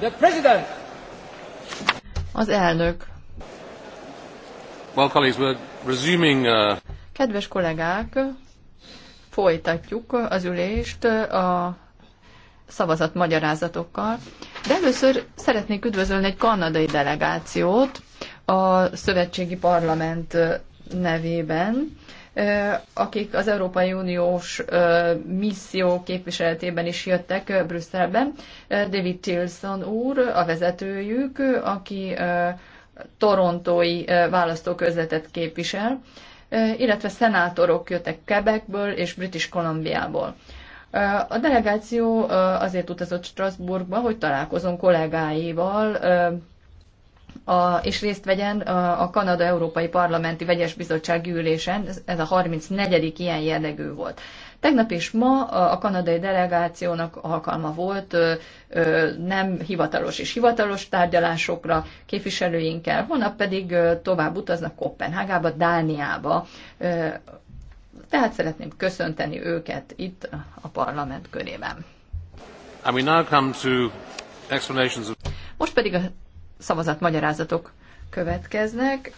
The President. Az elnök. Well, colleagues, we're resuming, uh... Kedves kollégák, folytatjuk az ülést a szavazat magyarázatokkal, de először szeretnék üdvözölni egy kanadai delegációt a szövetségi parlament nevében akik az Európai Uniós misszió képviseletében is jöttek Brüsszelben. David Tilson úr, a vezetőjük, aki torontói választóközletet képvisel, illetve szenátorok jöttek Quebecből és British Columbiából. A delegáció azért utazott Strasbourgba, hogy találkozom kollégáival, a, és részt vegyen a, a Kanada-Európai Parlamenti Vegyes Bizottság gyűlésen, ez, ez a 34. ilyen jellegű volt. Tegnap és ma a kanadai delegációnak alkalma volt nem hivatalos és hivatalos tárgyalásokra képviselőinkkel, holnap pedig tovább utaznak Kopenhágába, Dániába. Tehát szeretném köszönteni őket itt a parlament körében. Most pedig a szavazatmagyarázatok következnek.